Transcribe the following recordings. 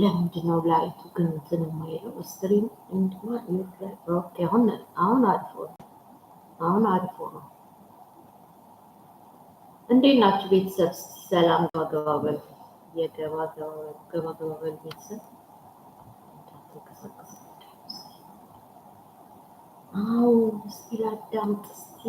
ለምንድነው ላይቱ ግን እንትን የማይለው ስትሪም እንድማር ኦኬ። አሁን አሁን አሪፎ አሁን አሪፎ ነው። እንዴት ናችሁ ቤተሰብ? ሰላም ገባገባበል የገባ ገባገባበል ቤተሰብ አው እስቲ ላዳምጥ እስቲ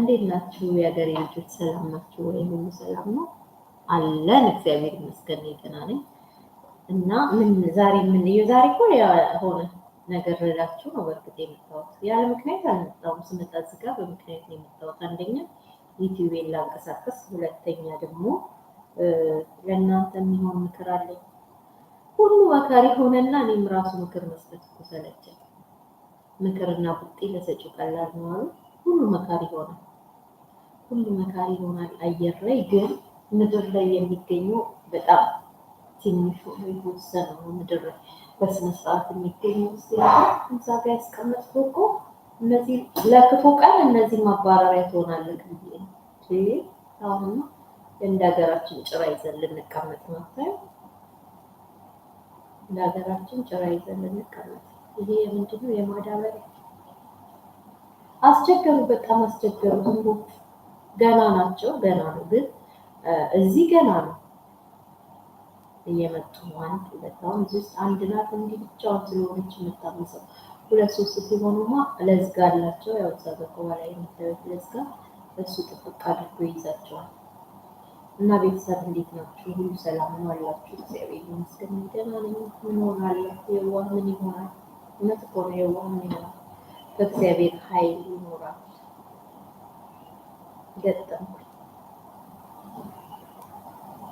እንዴት ናችሁ? የሀገሬ ልጆች ሰላም ናችሁ ወይ? ሁሉ ሰላም ነው አለን። እግዚአብሔር ይመስገን ደህና ነኝ። እና ምን ዛሬ ምን ዛሬ እኮ የሆነ ነገር ልላችሁ ነው። በእርግጥ የመጣሁት ያለ ምክንያት አልመጣሁም። ስመጣ እዚህ ጋር በምክንያት ነው የመጣሁት። አንደኛ ዩቲዩቤን ላንቀሳቀስ፣ ሁለተኛ ደግሞ ለእናንተ የሚሆን ምክር አለኝ። ሁሉ መካሪ ሆነና እኔም ራሱ ምክር መስጠት እኮ ሰለቸኝ። ምክርና ቡጤ ለሰጪው ቀላል ነው አሉ። ሁሉ መካሪ ሆነ። ሁሉ መካሪ ይሆናል አየር ላይ ግን ምድር ላይ የሚገኘው በጣም ትንሹ የተወሰነ ነው። ምድር ላይ በስነ የሚገኙ የሚገኘው እዛ ጋ ያስቀመጥኩ እኮ እነዚህ ለክፉ ቀን እነዚህ ማባረሪያ ትሆናለህ ብዬ አሁን እንደ ሀገራችን ጭራ ይዘን ልንቀመጥ ነው። እንደ ሀገራችን ጭራ ይዘን ልንቀመጥ ይሄ የምንድነው? የማዳበሪያ አስቸገሩ፣ በጣም አስቸገሩ። ገና ናቸው፣ ገና ነው። ግን እዚህ ገና ነው እየመጡ አንድ ሁለታውን እዚህ ውስጥ አንድ ናት እንዲህ ብቻዋን ስለሆነች የምታመሰው ሁለት ሶስት ሲሆኑማ ለዝጋ አላቸው። ያው እዛ በኮባ የምታዩት ለዝጋ እሱ ጥብቅ አድርጎ ይይዛቸዋል። እና ቤተሰብ እንዴት ናችሁ? ሁሉ ሰላም ነው አላችሁ? እግዚአብሔር ይመስገን ገና ነኝ። ምን ሆናላችሁ? የዋህ ምን ይሆናል? እውነት ከሆነ የዋህ ምን ይሆናል? በእግዚአብሔር ኃይል ይኖራል። ገጠምኩ።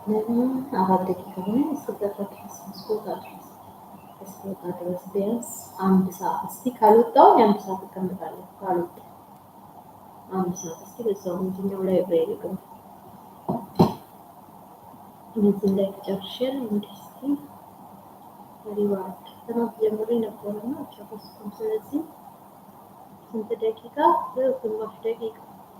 ለምን አራት ደቂቃ ሆነ። እስክገባ ድረስ እስክወጣ ቢያንስ አንድ ሰዓት እስኪ ካልወጣው የአንድ ሰዓት እቀምጣለሁ። ካልወጣው አንድ ሰዓት እስኪ በዛው ምንድነው ላይ ብሬልግም እነዚህ ላይ ተጨርሼ ዩኒቨርሲቲ ሪዋርድ ጥናት ጀምሬ ነበረና ጨረስኩም። ስለዚህ ስንት ደቂቃ? ግማሽ ደቂቃ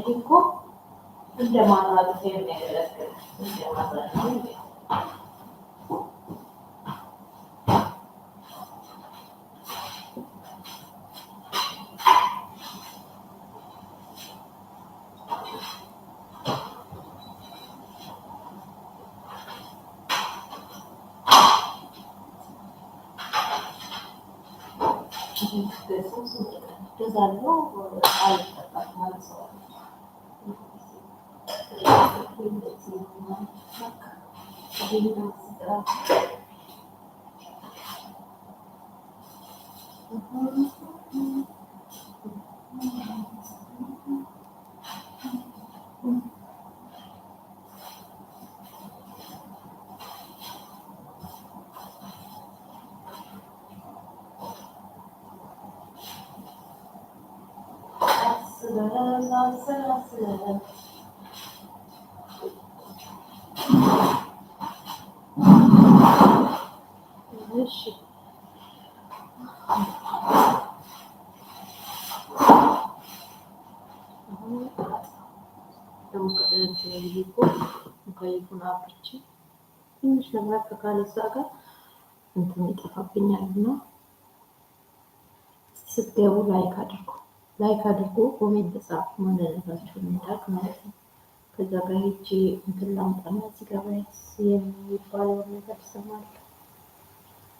ಇದಕ್ಕೂ ವಿದ್ಯಮಾನವಾದ ಸೇವನೆ ಇರುತ್ತೆ ವಿದ್ಯಮಾನಗಳನ್ನು ಇದೆ Thank you. Sıra, sıra, sıra. እሺ ሙካይኩን አብርቼ ትንሽ መብራት ካለ እዛ ጋር እንትን ይጠፋብኛል እና ስትገቡ ላይክ አድርጉ፣ ላይክ አድርጉ፣ ኮሜንት ጻፉ፣ ማንነታችሁን እንዳቅ ማለት ነው። ከዛ ጋር ሄጄ እንትን ላምጣና ሲገባ የሚባለውን ነገር ይሰማል።